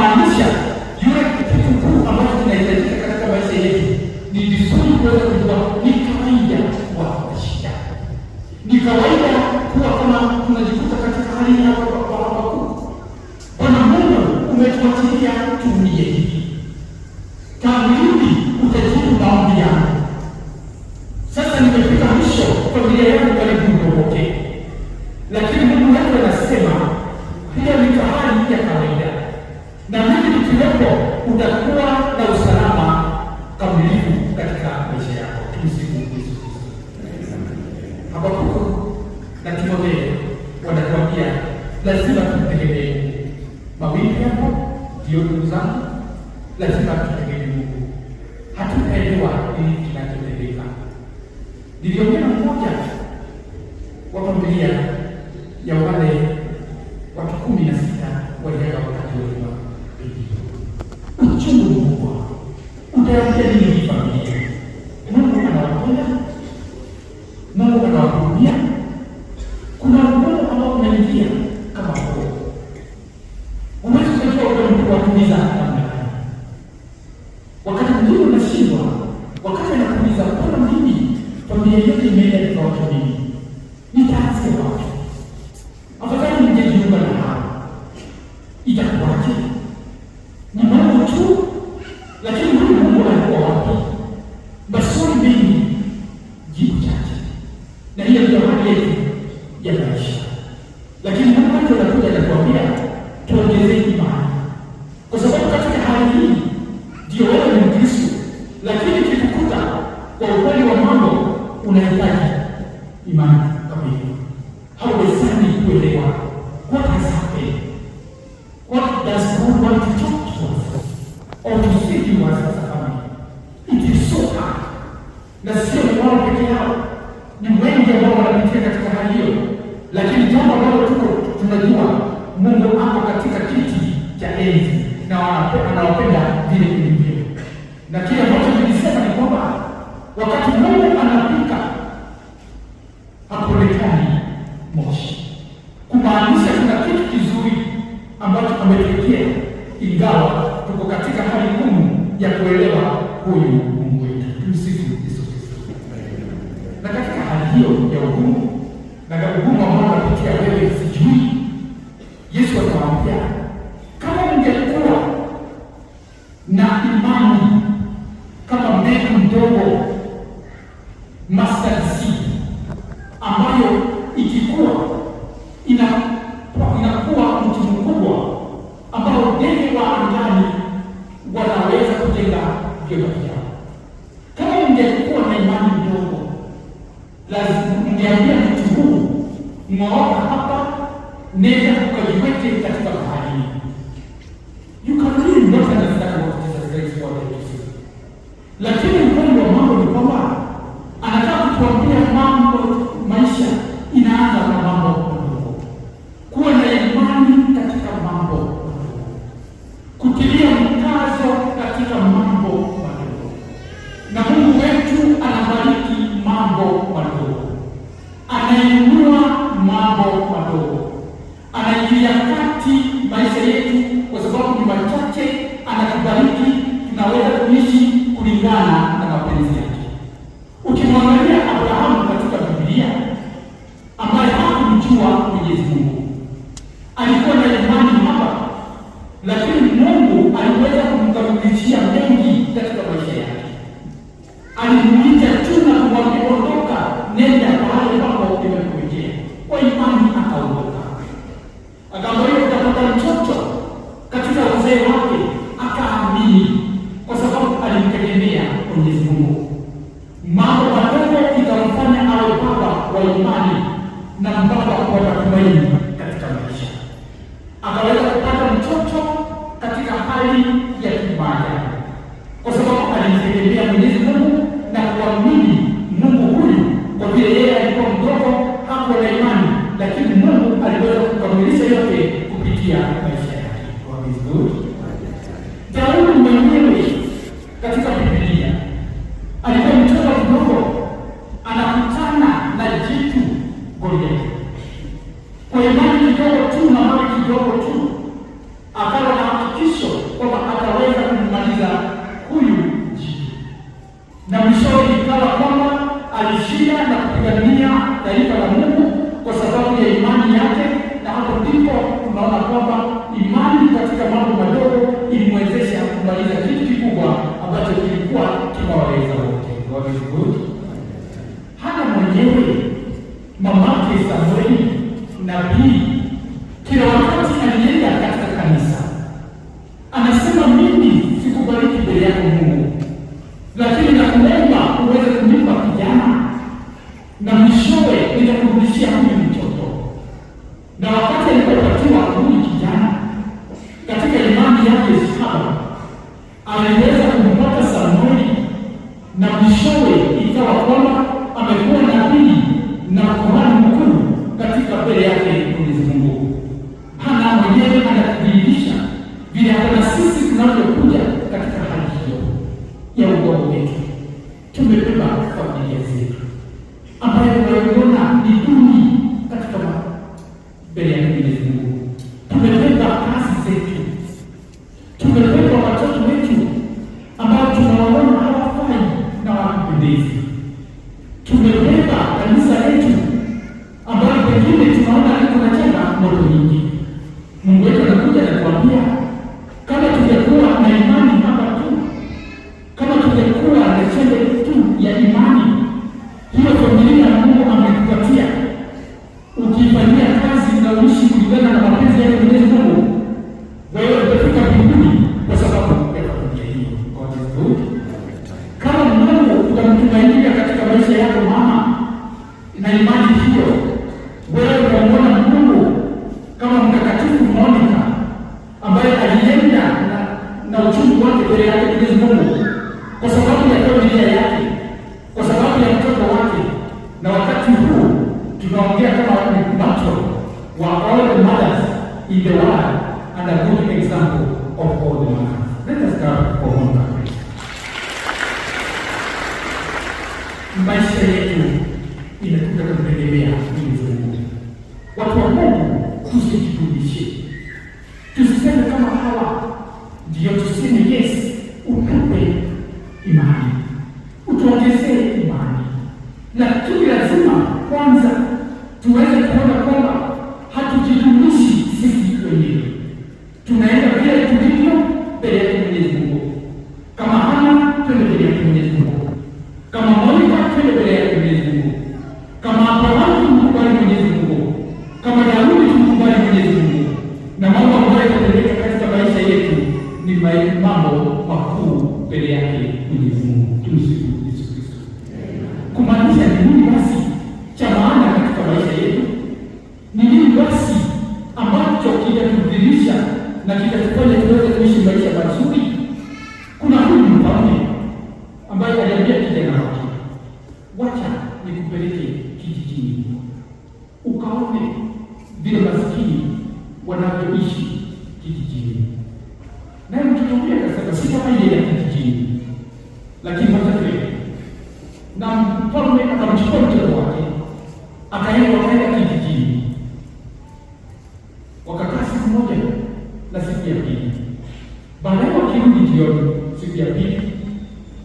kuhamasisha yule kitu kuu ambacho kinahitajika katika maisha yetu. Ni vizuri kuweza kujua ni kawaida kuwa na shida, ni kawaida kuwa kama tunajikuta katika hali ya wakuu. Bwana Mungu, umetuachilia tuumie hivi, karudi utajibu maombi yangu. Sasa nimefika mwisho familia yangu lazima tumtegemee Mungu. Hatutaelewa nini kinachotendeka. Niliongea mmoja wa familia ya wale watu kumi na sita waliaga wakati wa Egipt. Uchungu mkubwa. Utayatia nini familia? Mungu anawapenda, Mungu anawahurumia, kuna upendo ambao unaingia would want to talk to us or to see na sio mkono peke yao, ni wengi ambao wanapitia katika hali hiyo, lakini jambo ambalo tuko tunajua, Mungu ako katika kiti cha enzi na anawapenda vile vilivyo, na kile ambacho nilisema ni kwamba wakati Mungu anapika haponekani ametikia, ingawa tuko katika hali ngumu ya kuelewa huyu kuniambia mtu huu, mwaona hapa, nenda ukajiweke katika mahali Mwenyezi Mungu. Alikuwa na imani hapa, lakini Mungu aliweza kumkamilishia mengi katika maisha yake. Alimuita tu na kumwambia ondoka, nenda pale ambapo Kwa imani akaondoka, utapata mtoto katika uzee wake, akaamini kwa sababu alimtegemea Mwenyezi Mungu. Mambo madogo itamfanya awe baba wa imani na mpaka kupata tumaini katika maisha, akaweza kupata mtoto katika hali ya kimaya, kwa sababu alimtegemea Mwenyezi Mungu na kuamini Mungu huyu. Kwa vile yeye alikuwa mdogo, hakuwa na imani, lakini Mungu aliweza kukamilisha yote kupitia maisha yake. Daudi mwenyewe anasema mimi sikubariki mbele yako Mungu, lakini nakuomba uweze kunipa kijana na mishowe nitakurudishia huyu mtoto. Na wakati alipopatiwa huyu kijana, katika imani yake saba aliweza kumpata samueli na mwishowe ikawa kwamba amekuwa nabii na kuhani mkuu katika mbele yake Mwenyezi Mungu. Hana mwenyewe anatudhihirisha não distinguia cada uma presente, mesmo Tusiseme kama hawa ndio tuseme yes tuweze kuishi maisha mazuri. Kuna huyu mfalme ambaye aliambia kijana wake, wacha nikupeleke kijijini ukaone alirudi jioni siku ya pili,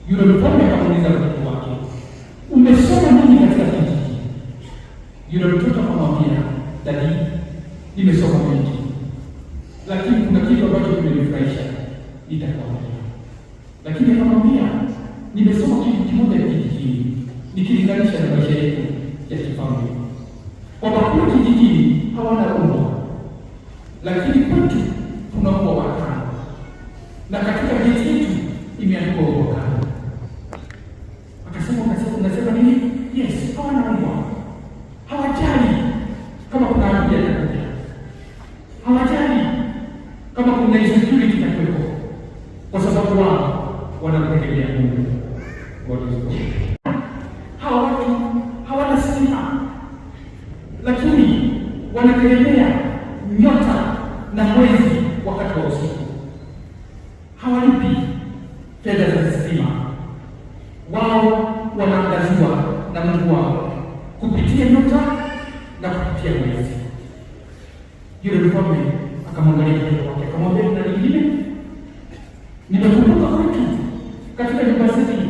yule mtoto akamuuliza mtoto wake, umesoma nini katika kijiji? Yule mtoto akamwambia, dadi, nimesoma mengi, lakini kuna kitu ambacho kimenifurahisha, nitakwambia. Lakini akamwambia, nimesoma kitu kimoja kijijini, nikilinganisha na maisha yetu ya kifalme, kwamba kule kijijini hawana rumba, lakini kwetu unaambia nakuja, hawajali kama kuna insecurity na kwa sababu wao wanamtegemea Mungu. Hawa watu hawana stima, lakini wanategemea nyota na mwezi wakati wa usiku. Hawalipi fedha za stima, wao wanaangaziwa na Mungu wao kupitia nyota na kupitia Yesu. Yule mfalme akamwangalia mtoto wake akamwambia, na lingine nimekumbuka kwetu katika nyumba zetu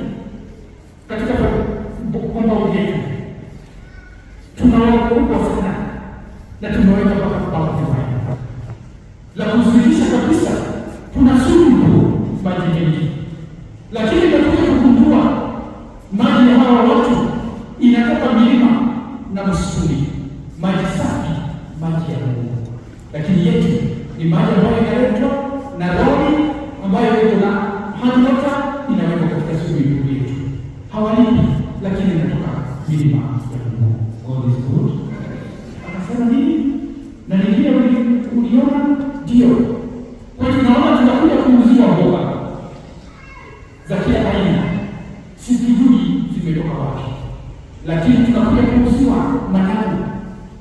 inatoka milima ya Mungu. God is good. Akasema nini? Na uliona ndio. Kwa hiyo tunakuja kuuziwa mboga za kila aina. zimetoka wapi. Lakini tunakuja kuuziwa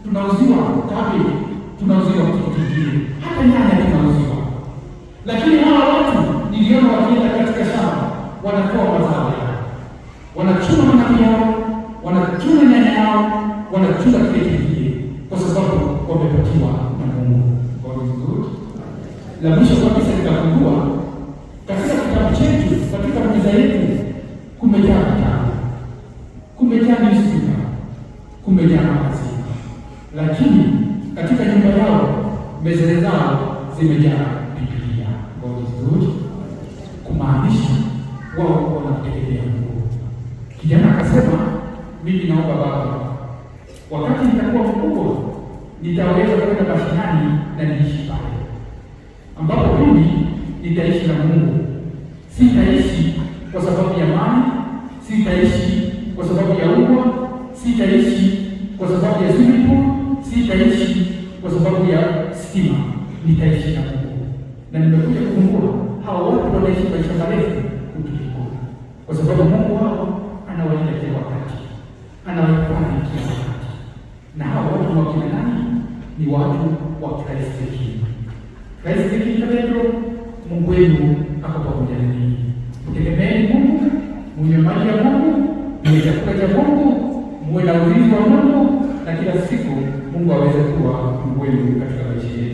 tunauziwa kabeji, tunauziwa Hata nyanya tunauziwa. Lakini na mwisho kabisa nikagundua katika kitabu chetu, katika meza yetu kumejaa vitabu, kumejaa newspaper, kumejaa magazeti, lakini katika nyumba yao meza zao zimejaa Biblia. God kumaanisha wao wanategemea Mungu. Kijana akasema, mimi naomba Baba, wakati nitakuwa mkubwa nitaweza kwenda mashinani na niishi pale ambapo mimi nitaishi na Mungu. Sitaishi kwa sababu ya mali, sitaishi kwa sababu ya ugwa sitaishi kwa sababu ya si sitaishi kwa sababu ya stima, nitaishi na Mungu. Na nimekuja kugundua hao watu wanaishi maisha marefu kutuliko, kwa sababu Mungu wao anawaita kila wakati, anawaipana kila wakati. Na hao watu wakina nani? Ni watu wa Kristo. Rais Jakaya Petro, Mungu wenu ako pamoja nanyi. Mtegemeeni Mungu, munywe maji ya Mungu, muwe chakula cha Mungu, muwe na ulinzi wa Mungu, na kila siku Mungu aweze kuwa Mungu wenu katika maisha yenu.